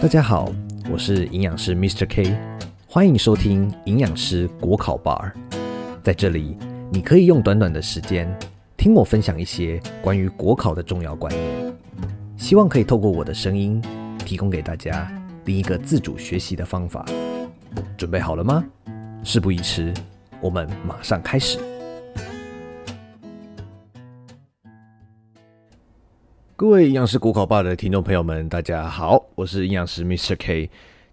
大家好，我是營養師 Mr. K，歡迎收聽營養師國考 bar。在這裡，你可以用短短的時間聽我分享一些關於國考的重要觀念，希望可以透過我的聲音，提供給大家另一個自主學習的方法。準備好了嗎？事不宜遲，我們馬上開始。各位營養師國考吧的聽眾朋友們，大家好，我是營養師 Mr. K。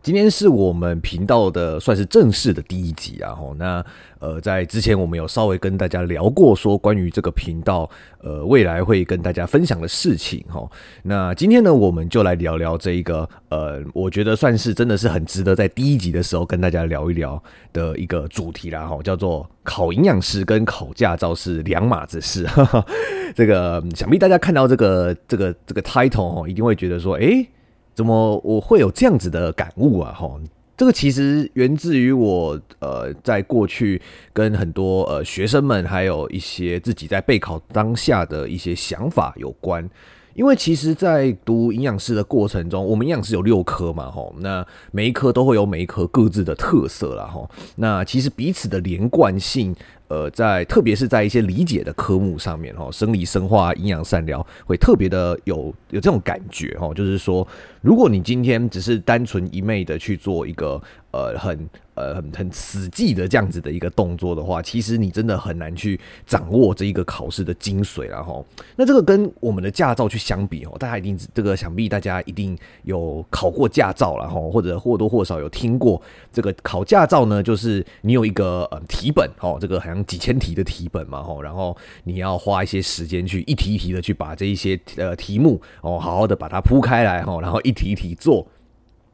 今天是我們頻道的算是正式的第一集啊，吼，那呃，在之前我們有稍微跟大家聊過，說關於這個頻道，呃，未來會跟大家分享的事情，吼，那今天呢，我們就來聊聊這一個，呃，我覺得算是真的是很值得在第一集的時候跟大家聊一聊的一個主題啦，吼，叫做考營養師跟考駕照是兩碼子事， 這個想必大家看到這個這個這個 title 哦，一定會覺得說，哎、欸。怎麼我會有這樣子的感悟啊？吼，這個其實源自於我呃，在過去跟很多呃學生們，還有一些自己在備考當下的一些想法有關。因為其實，在讀營養師的過程中，我們營養師有六科嘛，吼，那每一科都會有每一科各自的特色啦。吼，那其實彼此的連貫性。呃，在特別是在一些理解的科目上面哦，生理、生化、營養、膳療會特別的有有這種感覺哦，就是說，如果你今天只是單純一味的去做一個呃很呃很很死記的這樣子的一個動作的話，其實你真的很難去掌握這一個考試的精髓了哦。那這個跟我們的駕照去相比哦，大家一定這個想必大家一定有考過駕照了哈，或者或多或少有聽過這個考駕照呢，就是你有一個呃題本哦，這個很。幾千題的題本嘛，吼，然後你要花一些時間去一題一題的去把這一些呃題目哦，好好的把它鋪開來，吼，然後一題一題做。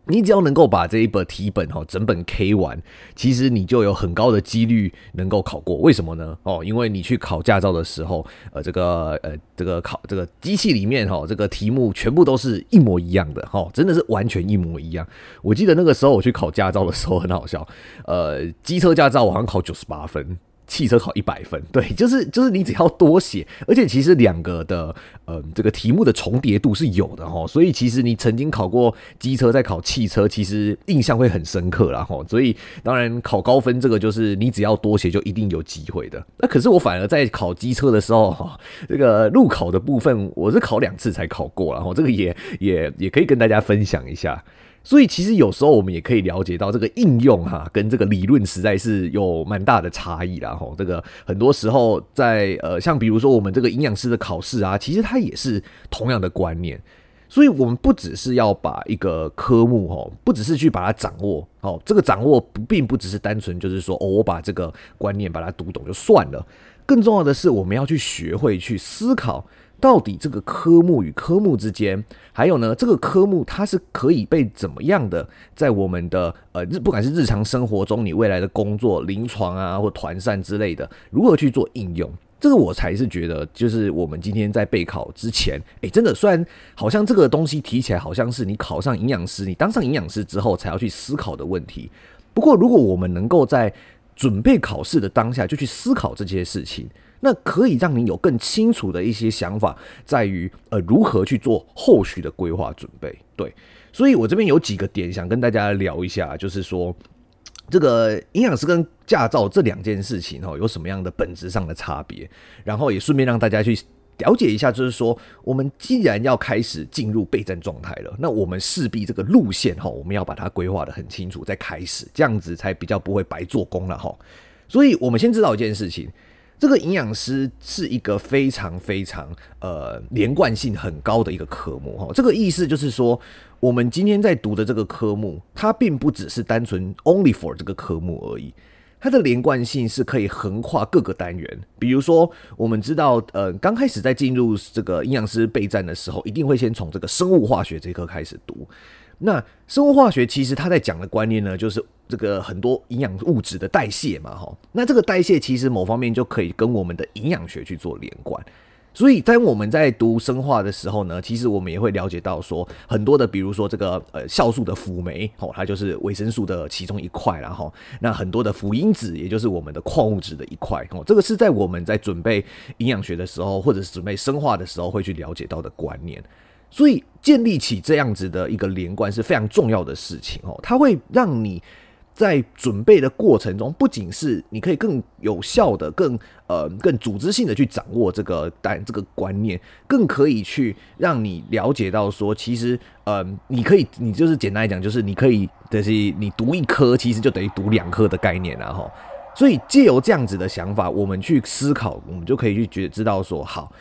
你只要能夠把這一本題本吼整本 K 完，其實你就有很高的幾率能夠考過。為什麼呢？哦，因為你去考駕照的時候，呃，這個呃這個考這個機器裡面吼，喔，這個題目全部都是一模一樣的，吼，真的是完全一模一樣。我記得那個時候我去考駕照的時候很好笑，呃，機車駕照我好像考九十八分。汽車考一百分，對，就是就是你只要多寫，而且其實兩個的，嗯，這個題目的重疊度是有的哈，所以其實你曾經考過機車，在考汽車，其實印象會很深刻啦哈，所以當然考高分這個就是你只要多寫就一定有機會的。那可是我反而在考機車的時候哈，這個路考的部分我是考兩次才考過啦，哈這個也也也可以跟大家分享一下。所以其實有時候我們也可以了解到，這個應用哈、啊、跟這個理論實在是有蠻大的差異啦。吼，這個很多時候在呃，像比如說我們這個營養師的考試啊，其實它也是同樣的觀念。所以我們不只是要把一個科目吼，不只是去把它掌握吼，這個掌握不並不只是單純就是說哦，我把這個觀念把它讀懂就算了，更重要的是我們要去學會去思考。到底這個科目與科目之間，還有呢？這個科目它是可以被怎麼樣的，在我們的呃不管是日常生活中，你未來的工作、臨床啊，或團膳之類的，如何去做應用？這個我才是覺得，就是我們今天在備考之前，誒、欸，真的，雖然好像這個東西提起來，好像是你考上營養師，你當上營養師之後才要去思考的問題。不過，如果我們能夠在準備考試的當下就去思考這些事情。那可以讓你有更清楚的一些想法，在於呃如何去做後續的規劃準備。對，所以我這邊有幾個點想跟大家聊一下，就是說這個營養師跟駕照這兩件事情哈、喔，有什麼樣的本質上的差別？然後也順便讓大家去了解一下，就是說我們既然要開始進入備戰狀態了，那我們勢必這個路線哈、喔，我們要把它規劃得很清楚，再開始，這樣子才比較不會白做工了哈。所以我們先知道一件事情。這個營養師是一個非常非常呃連貫性很高的一個科目哈，這個意思就是說，我們今天在讀的這個科目，它並不只是單純 only for 這個科目而已，它的連貫性是可以橫跨各個單元。比如說，我們知道，呃，剛開始在進入這個營養師備戰的時候，一定會先從這個生物化學這一科開始讀。那生物化學其實它在講的觀念呢，就是這個很多營養物質的代謝嘛，哈。那這個代謝其實某方面就可以跟我們的營養學去做連貫。所以在我們在讀生化的時候呢，其實我們也會了解到說很多的，比如說這個呃，酵素的輔酶吼，它就是維生素的其中一塊啦。吼。那很多的輔因子，也就是我們的礦物質的一塊哦，這個是在我們在準備營養學的時候，或者是準備生化的時候會去了解到的觀念。所以建立起這樣子的一個連貫是非常重要的事情哦，它會讓你在準備的過程中，不僅是你可以更有效的、更呃、更組織性的去掌握這個但這個觀念，更可以去讓你了解到說，其實嗯、呃、你可以，你就是簡單來講，就是你可以，就是你讀一科，其實就等於讀兩科的概念了、啊、哈。所以借由這樣子的想法，我們去思考，我們就可以去覺知道說，好，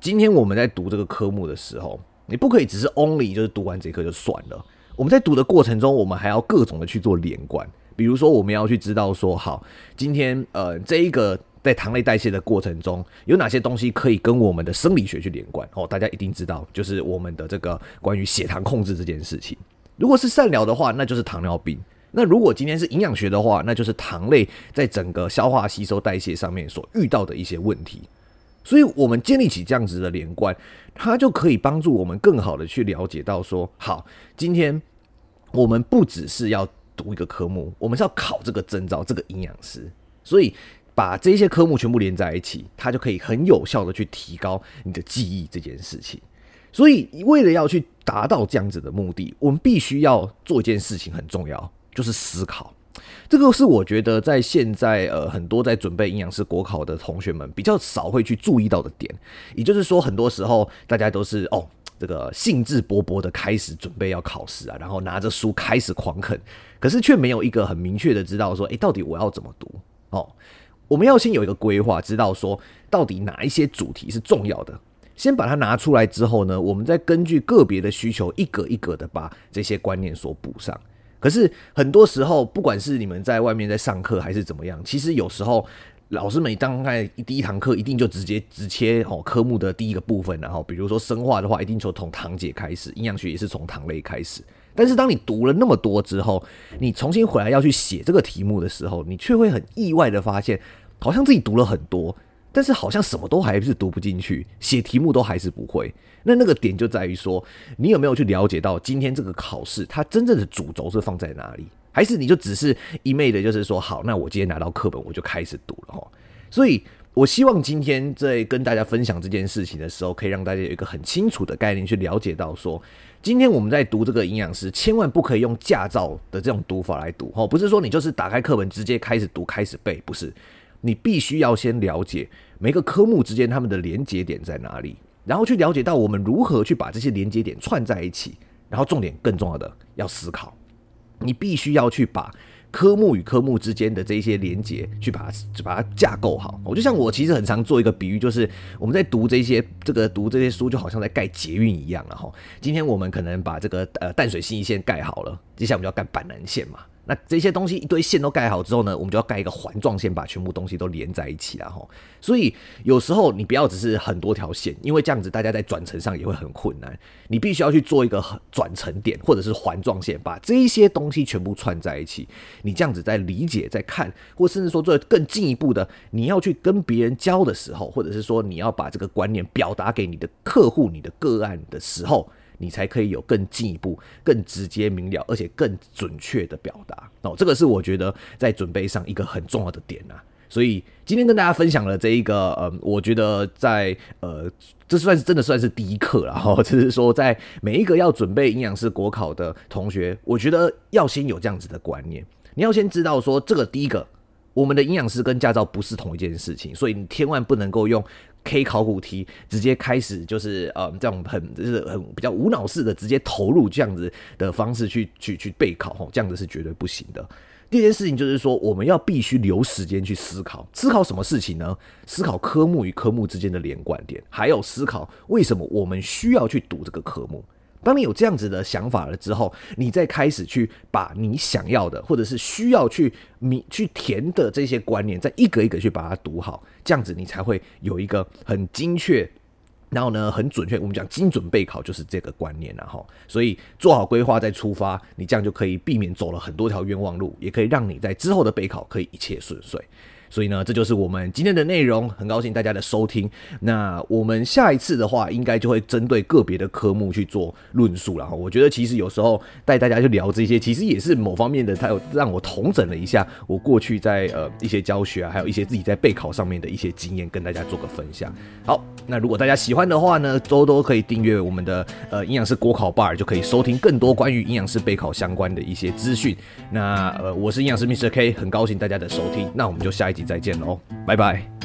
今天我們在讀這個科目的時候，你不可以只是 only 就是讀完這一課就算了。我們在讀的過程中，我們還要各種的去做連貫。比如說，我們要去知道說，好，今天呃，這一個在糖類代謝的過程中，有哪些東西可以跟我們的生理學去連貫哦？大家一定知道，就是我們的這個關於血糖控制這件事情。如果是膳療的話，那就是糖尿病。那如果今天是營養學的話，那就是糖類在整個消化、吸收、代謝上面所遇到的一些問題。所以，我們建立起這樣子的連貫，它就可以幫助我們更好的去了解到說，好，今天我們不只是要讀一個科目，我們是要考這個證照，這個營養師。所以，把這些科目全部連在一起，它就可以很有效的去提高你的記憶這件事情。所以，為了要去達到這樣子的目的，我們必須要做一件事情，很重要，就是思考。這個是我覺得在現在呃，很多在準備營養師國考的同學們比較少會去注意到的點。也就是說，很多時候大家都是哦，這個興致勃勃的開始準備要考試啊，然後拿着書開始狂啃，可是卻沒有一個很明確的知道說，誒，到底我要怎麼讀？哦，我們要先有一個規劃，知道說到底哪一些主題是重要的，先把它拿出來之後呢，我們再根據個別的需求，一格一格的把這些觀念所補上。可是很多時候，不管是你們在外面在上課還是怎麼樣，其實有時候老師每當在第一堂課一定就直接直切哦科目的第一個部分，然後比如說生化的話，一定就從糖解開始，營養學也是從糖類開始。但是當你讀了那麼多之後，你重新回來要去寫這個題目的時候，你卻會很意外的發現，好像自己讀了很多。但是好像什麼都還是讀不進去，寫題目都還是不會。那那個點就在於說，你有沒有去了解到今天這個考試它真正的主軸是放在哪裡？還是你就只是一昧的，就是說好，那我今天拿到課本我就開始讀了。所以我希望今天在跟大家分享這件事情的時候，可以讓大家有一個很清楚的概念去了解到說，說今天我們在讀這個營養師，千萬不可以用駕照的這種讀法來讀哈，不是說你就是打開課本直接開始讀開始背，不是，你必須要先了解。每個科目之間它們的連接點在哪裡，然後去了解到我們如何去把這些連接點串在一起，然後重點，更重要的要思考，你必須要去把科目與科目之間的這些連接，去把它把它架構好。我就像我其實很常做一個比喻，就是我們在讀這些這個讀這些書，就好像在蓋捷運一樣了哈。今天我們可能把這個呃淡水信義線蓋好了，接下來我們就要蓋板南線嘛。那這些東西一堆線都蓋好之後呢，我們就要蓋一個環狀線，把全部東西都連在一起啦，齁，所以有時候你不要只是很多條線，因為這樣子大家在轉乘上也會很困難。你必須要去做一個轉乘點，或者是環狀線，把這些東西全部串在一起。你這樣子在理解、在看，或甚至說做更進一步的，你要去跟別人教的時候，或者是說你要把這個觀念表達給你的客戶、你的個案的時候。你才可以有更進一步、更直接明了，而且更準確的表達哦。這個是我覺得在準備上一個很重要的點啊。所以今天跟大家分享了這一個，嗯、呃，我覺得在呃，這算是真的算是第一課了哈。就是說，在每一個要準備營養師國考的同學，我覺得要先有這樣子的觀念，你要先知道說，這個第一個，我們的營養師跟駕照不是同一件事情，所以你千萬不能夠用。K 考古題直接開始就是呃、嗯，這種很，就是很比較無腦式的直接投入這樣子的方式去去去備考哈，這樣子是絕對不行的。第一件事情就是說，我們要必須留時間去思考，思考什麼事情呢？思考科目與科目之間的連貫點，還有思考為什麼我們需要去讀這個科目。當你有這樣子的想法了之後，你再開始去把你想要的，或者是需要去你去填的這些觀念，再一格一格去把它讀好，這樣子你才會有一個很精確，然後呢很準確。我們講精準備考就是這個觀念了、啊、哈，所以做好規劃再出發，你這樣就可以避免走了很多條冤枉路，也可以讓你在之後的備考可以一切順遂。所以呢，這就是我們今天的內容。很高興大家的收聽。那我們下一次的話，應該就會針對個別的科目去做論述了。然後我覺得其實有時候帶大家去聊這些，其實也是某方面的，它有讓我統整了一下我過去在呃一些教學啊，還有一些自己在備考上面的一些經驗，跟大家做個分享。好，那如果大家喜歡的話呢，多多可以訂閱我們的呃營養師國考 bar，就可以收聽更多關於營養師備考相關的一些資訊。那呃，我是營養師 Mr K，很高興大家的收聽。那我們就下一。再見嘍，拜拜。